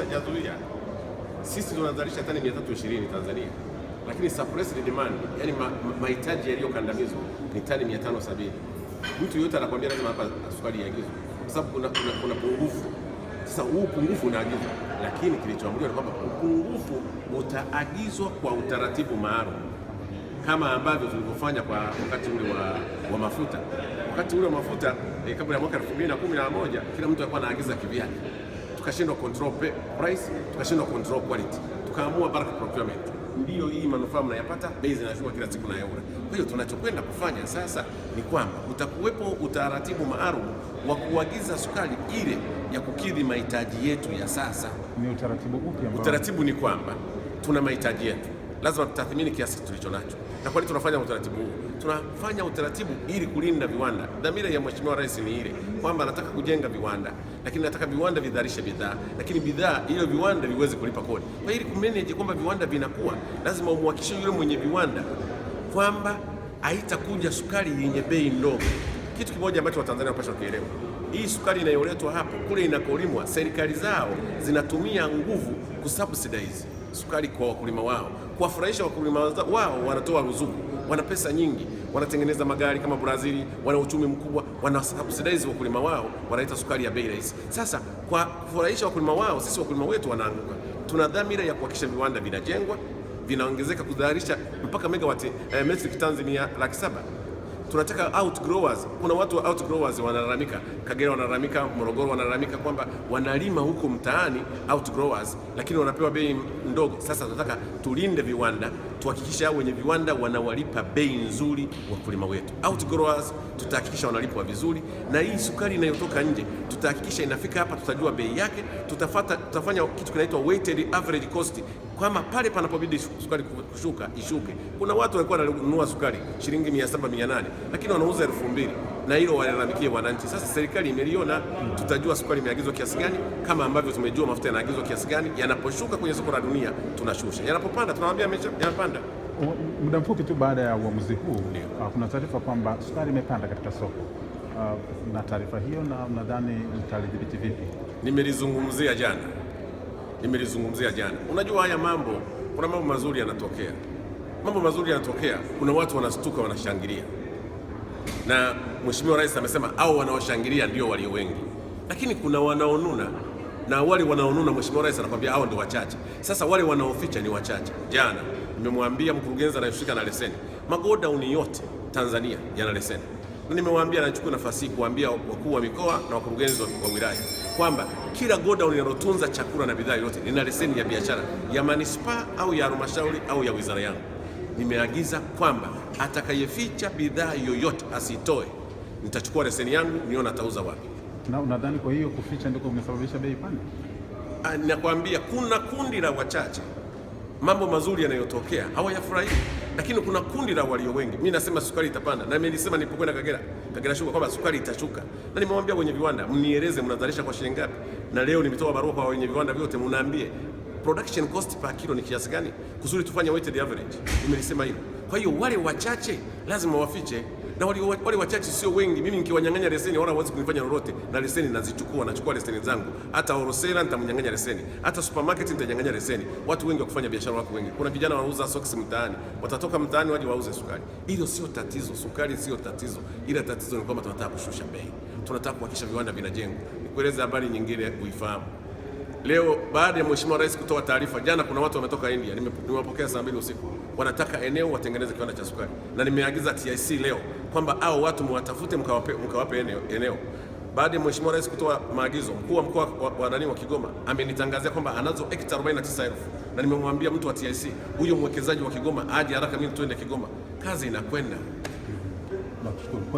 hatajazuia, sisi tunazalisha tani 320 Tanzania, lakini suppressed demand, yani mahitaji ma yaliyokandamizwa ni tani 570. Mtu yote anakwambia lazima hapa sukari iagizwe kwa sababu kuna, kuna, kuna pungufu. Sasa huu pungufu unaagizwa, lakini kilichoamuliwa ni kwamba upungufu utaagizwa kwa utaratibu maalum kama ambavyo tulivyofanya kwa wakati ule wa, wa mafuta. Wakati ule wa mafuta eh, kabla ya mwaka 2011 kila mtu alikuwa anaagiza kivyake tukashindwa control price, tukashindwa control quality, tukaamua bulk procurement. Ndio hii manufaa mnayapata, bei zinashuka kila siku na eura. Kwa hiyo tunachokwenda kufanya sasa ni kwamba utakuwepo utaratibu maalum wa kuagiza sukari ile ya kukidhi mahitaji yetu ya sasa. Ni utaratibu upi ambao? Utaratibu ni kwamba tuna mahitaji yetu, lazima tutathmini kiasi tulicho nacho, na kwa nini tunafanya utaratibu huu? tunafanya utaratibu ili kulinda viwanda. Dhamira ya Mheshimiwa Rais ni ile kwamba anataka kujenga viwanda, lakini nataka viwanda vidharishe bidhaa, lakini bidhaa hiyo viwanda viweze kulipa kodi. Kwa ili kumanage kwamba viwanda vinakuwa, lazima umhakikishie yule mwenye viwanda kwamba haitakuja sukari yenye bei ndogo. Kitu kimoja ambacho Watanzania wanapaswa kuelewa, hii sukari inayoletwa hapo, kule inakolimwa, serikali zao zinatumia nguvu kusubsidize sukari kwa wakulima wao, kuwafurahisha wakulima wao, wanatoa ruzuku wana pesa nyingi, wanatengeneza magari kama Brazil, wana uchumi mkubwa, wana subsidize wakulima wao, wanaita sukari ya bei rahisi. Sasa kwa kufurahisha wakulima wao, sisi wakulima wetu wanaanguka. Tuna dhamira ya kuhakikisha viwanda vinajengwa, vinaongezeka kuzalisha mpaka megawati eh, metric tani mia laki saba tunataka outgrowers. Kuna watu wa outgrowers wanalalamika, Kagera wanalalamika, Morogoro wanalalamika kwamba wanalima huko mtaani outgrowers, lakini wanapewa bei ndogo. Sasa tunataka tulinde viwanda tuhakikisha wenye viwanda wanawalipa bei nzuri wakulima wetu. Outgrowers tutahakikisha wanalipwa vizuri, na hii sukari inayotoka nje tutahakikisha inafika hapa, tutajua bei yake, tutafata, tutafanya kitu kinaitwa weighted average cost kwamba pale panapobidi sukari kushuka ishuke. Kuna watu walikuwa wananunua sukari shilingi 700 800, lakini wanauza 2000 na hilo walalamikie wananchi. Sasa serikali imeliona, tutajua sukari imeagizwa kiasi gani, kama ambavyo tumejua mafuta yanaagizwa kiasi gani. Yanaposhuka kwenye soko la dunia tunashusha, yanapopanda tunawaambia yanapanda. Muda mfupi tu baada ya uamuzi huu, uh, kuna taarifa kwamba sukari imepanda katika soko uh, na taarifa hiyo, na mnadhani mtalidhibiti vipi? Nimelizungumzia jana, nimelizungumzia jana. Unajua haya mambo, kuna mambo mazuri yanatokea, mambo mazuri yanatokea, kuna watu wanastuka, wanashangilia na Mheshimiwa Rais amesema au wanaoshangilia ndio walio wengi, lakini kuna wanaonuna na wale wanaonuna, Mheshimiwa Rais anakwambia hao ndio wachache. Sasa wale wanaoficha ni wachache. Jana nimemwambia mkurugenzi anayeshika na leseni, magodown yote Tanzania yana leseni, na nimemwambia nachukua nafasi hii wakuu wa mikoa na wakurugenzi wa wilaya kwamba kila godown linalotunza chakula na bidhaa yote lina leseni ya biashara ya manispaa au ya halmashauri au ya wizara yangu nimeagiza kwamba atakayeficha bidhaa yoyote asitoe, nitachukua leseni yangu nione atauza wapi. Na unadhani kwa hiyo kuficha ndiko kumesababisha bei pande? Ah, Nakwambia kuna kundi la wachache mambo mazuri yanayotokea hawayafurahii, lakini kuna kundi la walio wengi. Mimi nasema sukari itapanda, na nimesema nilipokwenda Kagera, Kagera Sugar kwamba sukari itashuka, na nimemwambia wenye viwanda mnieleze mnazalisha kwa shilingi ngapi, na leo nimetoa barua kwa wenye viwanda vyote, mnaambie production cost per kilo ni kiasi gani, kusudi tufanye weighted average. Nimelisema hilo. Kwa hiyo wale wachache lazima wafiche, na wale wale wachache sio wengi. Mimi nikiwanyang'anya leseni wala hawezi kunifanya lolote, na leseni nazichukua, nachukua leseni zangu. Hata wholesaler nitamnyang'anya leseni, hata supermarket nitanyang'anya leseni. Watu wengi wa kufanya biashara wako wengi. Kuna vijana wanauza socks mtaani, watatoka mtaani waje wauze sukari. Hilo sio tatizo, sukari sio tatizo, ila tatizo ni kwamba tunataka kushusha bei, tunataka kuhakikisha viwanda vinajengwa. Nikueleze habari nyingine uifahamu leo baada ya Mheshimiwa Rais kutoa taarifa jana, kuna watu wametoka India, nimewapokea saa mbili usiku, wanataka eneo watengeneze kiwanda cha sukari, na nimeagiza TIC leo kwamba hao watu mwatafute mkawape, mkawape eneo, eneo. Baada ya Mheshimiwa Rais kutoa maagizo, mkuu wa mkoa wa nani wa Kigoma amenitangazia kwamba anazo hekta 49000 na nimemwambia mtu wa TIC huyo mwekezaji wa Kigoma aje haraka, mimi tuende Kigoma, kazi inakwenda.